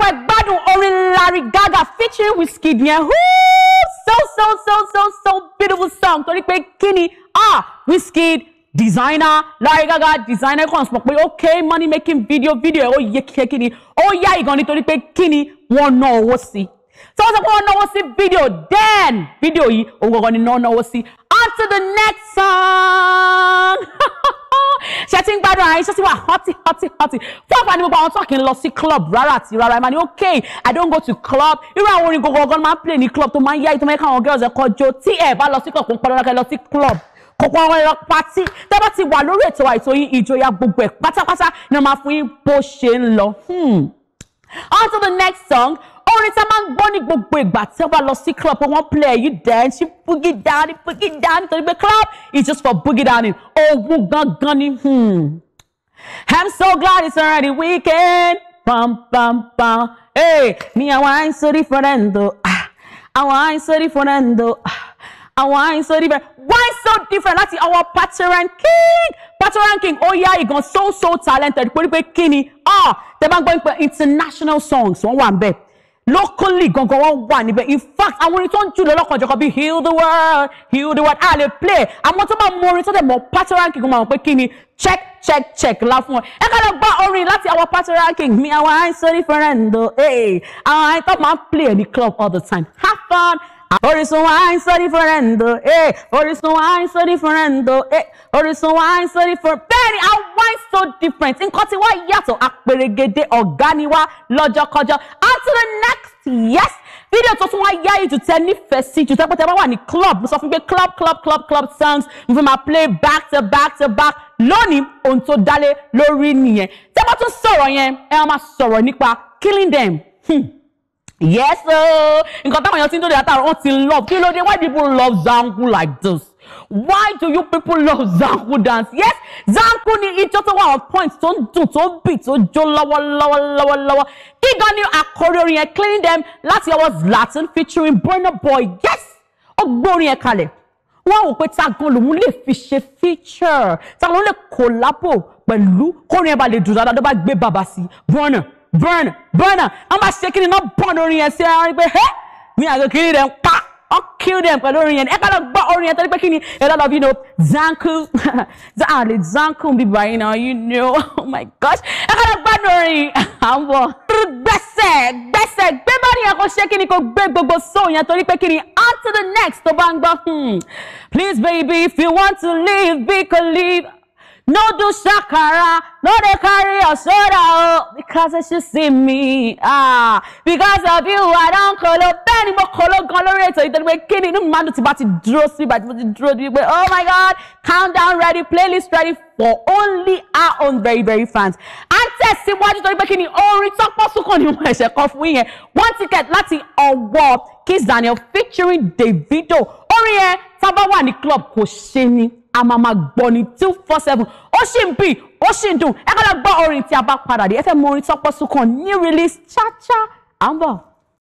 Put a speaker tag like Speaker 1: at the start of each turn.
Speaker 1: pé gbádùn orin Larry Gaga featuring Wizkid yẹn so so so so so beautiful song torí pé kí ah Wizkid designer Larry Gaga designer kan sọ pé ok money making video video ẹ̀ ó yẹ kíkẹ́ kí ni ó yá ìgan nítorí pé kí ni wọ́n ná owó sí tí wọ́n sọ pé wọ́n náwó sí video then video yìí òun gangan ni wọ́n náwó sí on to the next song ṣe ti ń gbádùn ara yín ṣe ti wà hoti hoti hoti fún àǹfààní gbogbo àwọn tó kì lọ sí club rárá àti rárá ẹ máa ní okay i don't go to club irú àwọn orin gbogbo ọgọ́n máa ń play ní club tó máa ń yá ìtọ́mọ́ ẹ̀ka àwọn girls ẹ̀kọ́ jó tí ẹ bá lọ sí club kò ń pọ́n lọ́kẹ́ lọ sí club kọ̀ọ̀kan ọ̀rọ̀ ẹ̀rọ patí tẹ́ bá ti wà lórí ètò àìtó yín ìjọyà gbogbo ẹ̀ pátápátá ni wọ́n máa fún yín bó ṣe ń lọ. Hmm. on to the next song orin tá a máa ń gbọ́ ní gbogbo ìgbà tí wọ́n bá lọ sí club wọ́n play you dance you boogie down you boogie down nítorí pé club is just for boogie down ni ogun gangan ni. Hmm. I'm so glad it's already weekend. Pam, pam, pam. Hey, me, I want so different though. Ah, I want so different though. Ah, I want so different. Why so different? That's our Patron King. Patron King, Oh yeah, yá ìgan so so talented. Pé pé kí Ah, tẹ́ bá ń gbọ́ international songs, One one ń locally gangan wọn wà níbẹ̀ in fact àwọn orin tó ń jùlọ lọ́kàn jọkọ bíi heal the world heal the world a lè play àwọn tó máa mú orin tó dẹ̀ mọ̀ party ranking kan máa mọ̀ pé kí ni check check check la fún ọ ẹ ká lọ gbọ́ orin láti àwọn party ranking mi àwọn àìn so different o ee àwọn àìn máa ń play ẹ̀ ní club all the time have fun Orísun wa àìn so different o ee Orísun wa àìn so different o Orísun wa àìn so different bẹ́ẹ̀ ni our so different nǹkan tí wá yàtọ̀ àpèrègèdè ọ̀gá ni wá lọ́jọ́kọjọ́ until the next yes fídíò tó tún wá yá yìí tùtẹ́ nífẹ̀ẹ́ sí tùtẹ́ pé tẹ́ bá wà ní club mo sọ fún pé club club club club songs. mo fi máa play back to back to back lónìí ohun tó dálé lórí nìyẹn tẹ́ bá tún sọ̀rọ̀ yẹn ẹ máa sọ̀rọ̀ nípa killing them. Hmm yes ooo oh. nǹkan táwọn èèyàn ti ń dòde látàrọ wọn ti love kí ló dé why people love zangu like this why do you people love zanku dance yes zanku ni ijó tó wà on point tó ń dùn tó ń bì tó jó lọ́wọ́lọ́wọ́lọ́wọ́ kí gan ni àkórí orin yẹn cleaning them láti ọwọ́ Latin featuring Burna Boy yes ó gbé orin yẹn kalẹ̀ wọ́n wò pé ta lòun lè fi ṣe feature ta lòun lè collabo pẹ̀lú kórin ẹ̀ bá lè dùn dáadáa tó bá gbé bàbá sí Burna Burna Burna àwọn bá ṣe kí ni náà bọ́ọ̀nù orin yẹn sí ara rí pé ẹ́ mi àgbẹ̀ kiri rẹ̀ I'll kill them pẹ̀lú orin yẹn ẹ ká lọ gbọ́ orin yẹn torí pé kí ni a lot of you know zanku the zanku be báyìí now. you know oh my gosh ẹ ká lọ gbádùn orin à ń bọ̀. gbẹ́sẹ̀ gbẹ́sẹ̀ gbé bá nìyẹn kó ṣe kí ni kó gbé gbogbo soul yẹn torí pé kí ni on to the next tó bá ń gbọ́ hmm. please baby if you want to live be can live. No do sakara, no de carry a soda, oh, because as you see me, ah, because of you, I don't call up any more color colorate. You don't make kidding, no man to bat it draw sleep, but you draw the Oh my God, countdown ready, playlist ready for only our own very, very fans. And tẹ̀síwájú torí pé kí ni orin tó pọ̀ sókàn ni wọ́n ẹ̀ṣẹ̀ kan fún yẹn. One ticket or what? Kiss Daniel featuring Davido. Orin yẹn tá a bá wà ní club kò ṣe ni a máa ma gbọ́ ni two four seven ó sì ń bì ó sì ń dùn ẹ kọ́ lọ gbọ́ orin tí a bá padà dé ẹ fẹ́ mọ orin tọ́pọ́ sùn new release ṣáṣá à ń bọ̀.